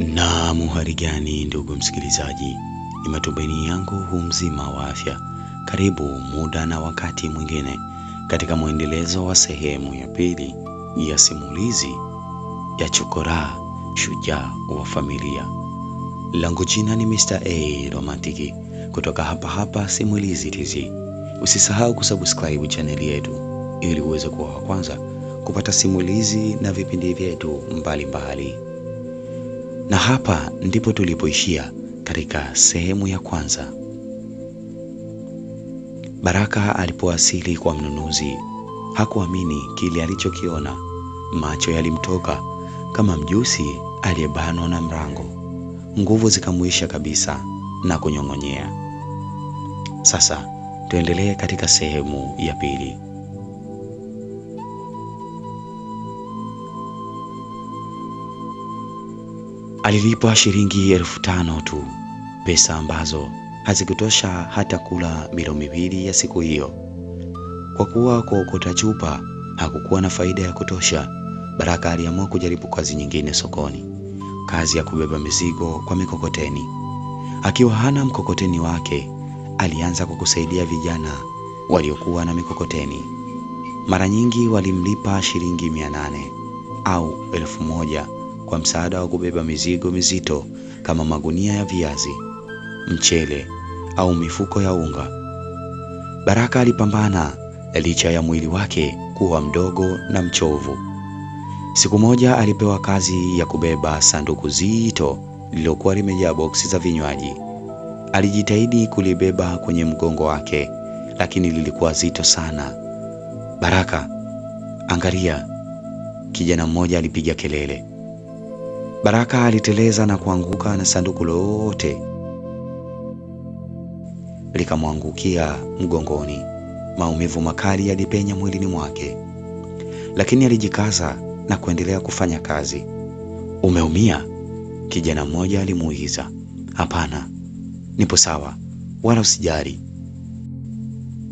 Na muhari gani, ndugu msikilizaji, ni matumaini yangu hu mzima wa afya. Karibu muda na wakati mwingine katika mwendelezo wa sehemu ya pili ya simulizi ya chokoraa shujaa wa familia. lango jina ni Mr. A Romantiki kutoka hapa hapa Simulizi Tz. Usisahau kusubscribe chaneli yetu ili uweze kuwa wa kwanza kupata simulizi na vipindi vyetu mbalimbali. Na hapa ndipo tulipoishia katika sehemu ya kwanza. Baraka alipowasili kwa mnunuzi hakuamini kile alichokiona. Macho yalimtoka kama mjusi aliyebanwa na mrango, nguvu zikamwisha kabisa na kunyong'onyea. Sasa tuendelee katika sehemu ya pili. Alilipwa shilingi elfu tano tu, pesa ambazo hazikutosha hata kula milo miwili ya siku hiyo. Kwa kuwa kuokota chupa hakukuwa na faida ya kutosha, Baraka aliamua kujaribu kazi nyingine sokoni, kazi ya kubeba mizigo kwa mikokoteni. Akiwa hana mkokoteni wake, alianza kwa kusaidia vijana waliokuwa na mikokoteni. Mara nyingi walimlipa shilingi mia nane au elfu moja kwa msaada wa kubeba mizigo mizito kama magunia ya viazi, mchele au mifuko ya unga. Baraka alipambana licha ya mwili wake kuwa mdogo na mchovu. Siku moja alipewa kazi ya kubeba sanduku zito lililokuwa limejaa boksi za vinywaji. Alijitahidi kulibeba kwenye mgongo wake, lakini lilikuwa zito sana. Baraka, angalia, kijana mmoja alipiga kelele. Baraka aliteleza na kuanguka na sanduku lote likamwangukia mgongoni. Maumivu makali yalipenya mwilini mwake, lakini alijikaza na kuendelea kufanya kazi. Umeumia? Kijana mmoja alimuuliza. Hapana, nipo sawa, wala usijali,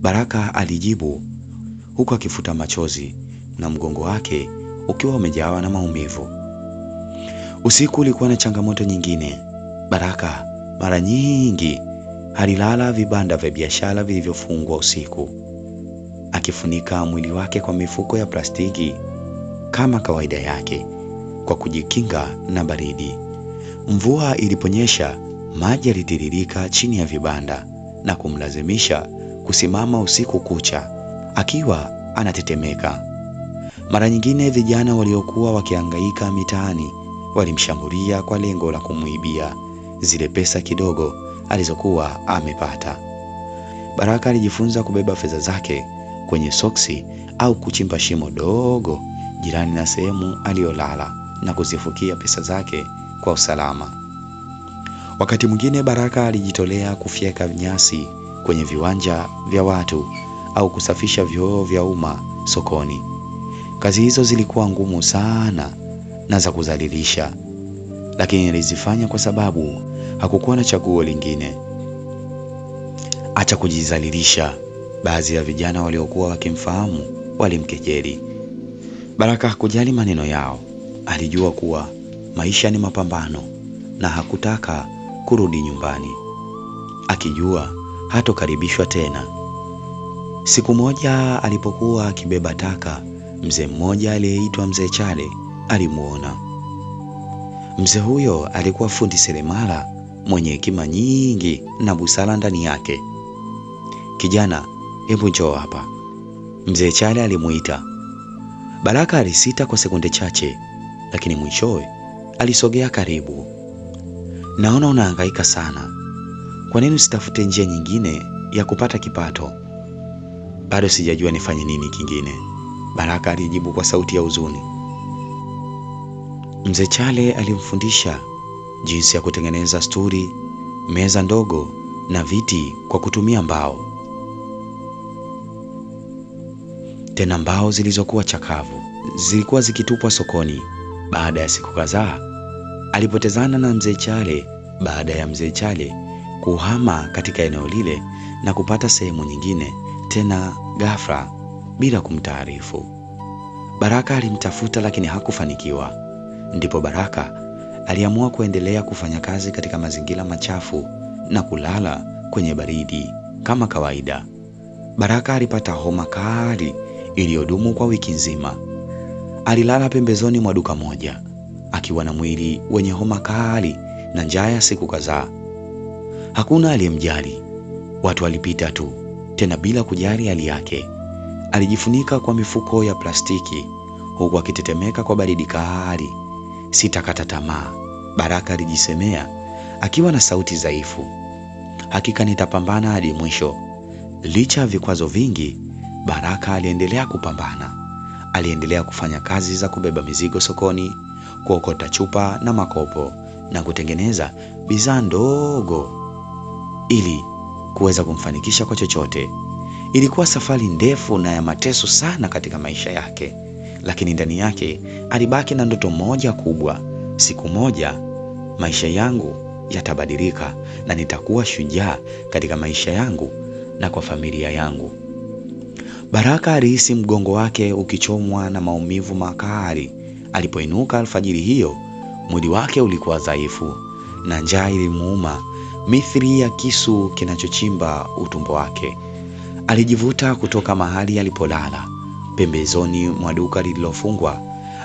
Baraka alijibu huku akifuta machozi na mgongo wake ukiwa umejawa na maumivu. Usiku ulikuwa na changamoto nyingine. Baraka mara nyingi alilala vibanda vya biashara vilivyofungwa usiku, akifunika mwili wake kwa mifuko ya plastiki kama kawaida yake, kwa kujikinga na baridi. Mvua iliponyesha, maji yalitiririka chini ya vibanda na kumlazimisha kusimama usiku kucha akiwa anatetemeka. Mara nyingine vijana waliokuwa wakihangaika mitaani walimshambulia kwa lengo la kumwibia zile pesa kidogo alizokuwa amepata. Baraka alijifunza kubeba fedha zake kwenye soksi au kuchimba shimo dogo jirani na sehemu aliyolala na kuzifukia pesa zake kwa usalama. Wakati mwingine Baraka alijitolea kufyeka nyasi kwenye viwanja vya watu au kusafisha vyoo vya umma sokoni. Kazi hizo zilikuwa ngumu sana na za kudhalilisha, lakini alizifanya kwa sababu hakukuwa na chaguo lingine. Acha kujidhalilisha, baadhi ya vijana waliokuwa wakimfahamu walimkejeli. Baraka hakujali maneno yao, alijua kuwa maisha ni mapambano na hakutaka kurudi nyumbani akijua hatokaribishwa tena. Siku moja alipokuwa akibeba taka, mzee mmoja aliyeitwa Mzee Chale alimuona. Mzee huyo alikuwa fundi seremala mwenye hekima nyingi na busara ndani yake. Kijana, hebu njoo hapa, mzee Chale alimuita. Baraka alisita kwa sekunde chache, lakini mwishowe alisogea karibu. Naona unahangaika sana, kwa nini usitafute njia nyingine ya kupata kipato? Bado sijajua nifanye nini kingine, Baraka alijibu kwa sauti ya huzuni. Mzee Chale alimfundisha jinsi ya kutengeneza sturi, meza ndogo na viti kwa kutumia mbao, tena mbao zilizokuwa chakavu. Zilikuwa zikitupwa sokoni. Baada ya siku kadhaa, alipotezana na Mzee Chale baada ya Mzee Chale kuhama katika eneo lile na kupata sehemu nyingine, tena ghafla, bila kumtaarifu. Baraka alimtafuta lakini hakufanikiwa. Ndipo Baraka aliamua kuendelea kufanya kazi katika mazingira machafu na kulala kwenye baridi kama kawaida. Baraka alipata homa kali iliyodumu kwa wiki nzima. Alilala pembezoni mwa duka moja akiwa na mwili wenye homa kali na njaa ya siku kadhaa. Hakuna aliyemjali, watu walipita tu, tena bila kujali hali yake. Alijifunika kwa mifuko ya plastiki huku akitetemeka kwa baridi kali sitakata tamaa, Baraka alijisemea akiwa na sauti dhaifu. Hakika nitapambana hadi mwisho. Licha ya vikwazo vingi, Baraka aliendelea kupambana. Aliendelea kufanya kazi za kubeba mizigo sokoni, kuokota chupa na makopo na kutengeneza bidhaa ndogo ili kuweza kumfanikisha kwa chochote. Ilikuwa safari ndefu na ya mateso sana katika maisha yake lakini ndani yake alibaki na ndoto moja kubwa: siku moja maisha yangu yatabadilika na nitakuwa shujaa katika maisha yangu na kwa familia yangu. Baraka alihisi mgongo wake ukichomwa na maumivu makali. Alipoinuka alfajiri hiyo, mwili wake ulikuwa dhaifu na njaa ilimuuma mithili ya kisu kinachochimba utumbo wake. Alijivuta kutoka mahali alipolala pembezoni mwa duka lililofungwa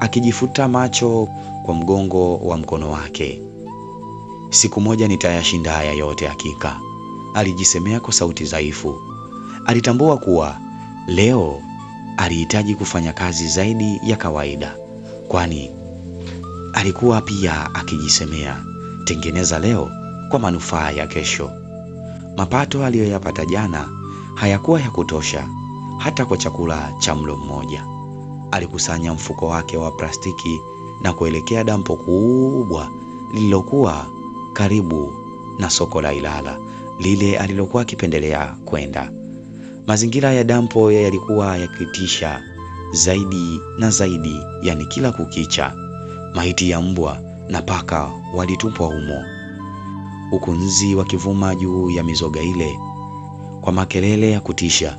akijifuta macho kwa mgongo wa mkono wake. Siku moja nitayashinda haya yote hakika, alijisemea kwa sauti dhaifu. Alitambua kuwa leo alihitaji kufanya kazi zaidi ya kawaida, kwani alikuwa pia akijisemea, tengeneza leo kwa manufaa ya kesho. Mapato aliyoyapata jana hayakuwa ya kutosha, hata kwa chakula cha mlo mmoja. Alikusanya mfuko wake wa plastiki na kuelekea dampo kubwa lililokuwa karibu na soko la Ilala, lile alilokuwa akipendelea kwenda. Mazingira ya dampo yalikuwa yakitisha zaidi na zaidi, yani kila kukicha maiti ya mbwa na paka walitupwa humo, huku nzi wakivuma juu ya mizoga ile kwa makelele ya kutisha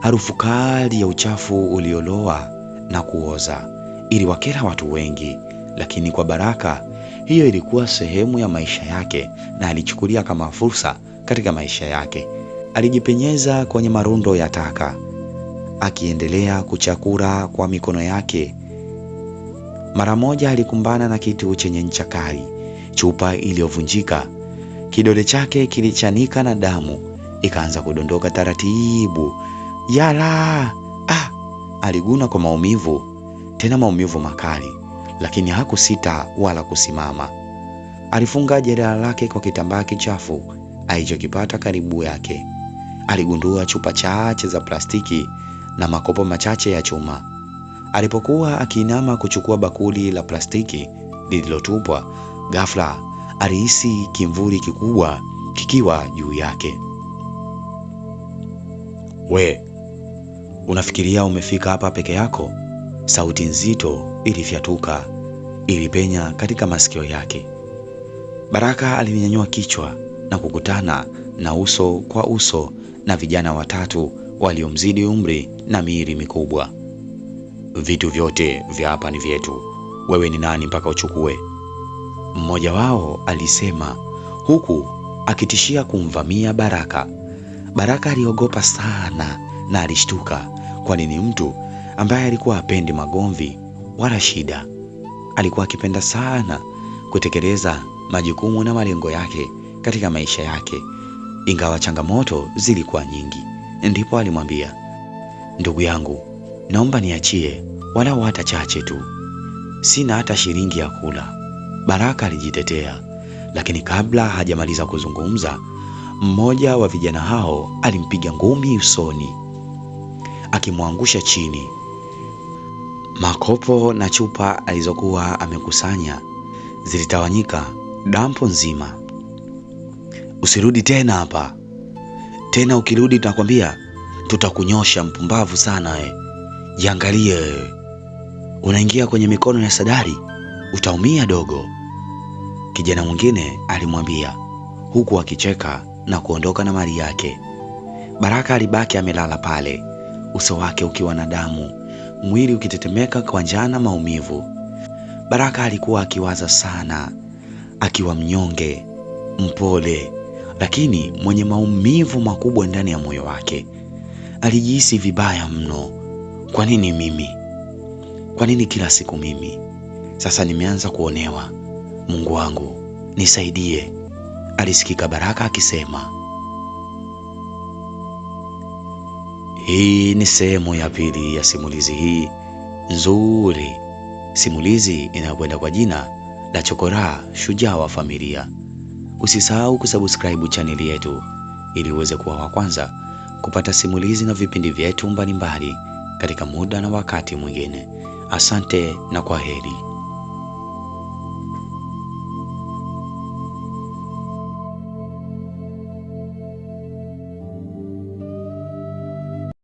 harufu kali ya uchafu ulioloa na kuoza iliwakera watu wengi, lakini kwa Baraka hiyo ilikuwa sehemu ya maisha yake na alichukulia kama fursa katika maisha yake. Alijipenyeza kwenye marundo ya taka akiendelea kuchakura kwa mikono yake. Mara moja alikumbana na kitu chenye ncha kali, chupa iliyovunjika. Kidole chake kilichanika na damu ikaanza kudondoka taratibu Yala! Ah, aliguna kwa maumivu, tena maumivu makali, lakini hakusita wala kusimama. Alifunga jeraha lake kwa kitambaa kichafu alichokipata karibu yake. Aligundua chupa chache za plastiki na makopo machache ya chuma. Alipokuwa akiinama kuchukua bakuli la plastiki lililotupwa, ghafla alihisi kimvuli kikubwa kikiwa juu yake. We, Unafikiria umefika hapa peke yako? Sauti nzito ilifyatuka, ilipenya katika masikio yake. Baraka alinyanyua kichwa na kukutana na uso kwa uso na vijana watatu waliomzidi umri na miili mikubwa. Vitu vyote vya hapa ni vyetu, wewe ni nani mpaka uchukue? Mmoja wao alisema, huku akitishia kumvamia Baraka. Baraka aliogopa sana na alishtuka, kwani ni mtu ambaye alikuwa apendi magomvi wala shida. Alikuwa akipenda sana kutekeleza majukumu na malengo yake katika maisha yake, ingawa changamoto zilikuwa nyingi. Ndipo alimwambia, ndugu yangu, naomba niachie walau hata chache tu, sina hata shilingi ya kula. Baraka alijitetea, lakini kabla hajamaliza kuzungumza, mmoja wa vijana hao alimpiga ngumi usoni akimwangusha chini. Makopo na chupa alizokuwa amekusanya zilitawanyika dampo nzima. Usirudi tena hapa tena, ukirudi tunakwambia tutakunyosha. Mpumbavu sana we, jiangalie wewe, unaingia kwenye mikono ya Sadari, utaumia dogo, kijana mwingine alimwambia huku akicheka na kuondoka na mali yake. Baraka alibaki amelala pale uso wake ukiwa na damu, mwili ukitetemeka kwa njaa na maumivu. Baraka alikuwa akiwaza sana, akiwa mnyonge, mpole, lakini mwenye maumivu makubwa ndani ya moyo wake. Alijihisi vibaya mno. Kwa nini mimi? Kwa nini kila siku mimi? Sasa nimeanza kuonewa. Mungu wangu nisaidie, alisikika Baraka akisema. Hii ni sehemu ya pili ya simulizi hii nzuri. Simulizi inayokwenda kwa jina la Chokoraa, shujaa wa familia. Usisahau kusubscribe chaneli yetu ili uweze kuwa wa kwanza kupata simulizi na vipindi vyetu mbalimbali katika muda na wakati mwingine. Asante na kwa heri.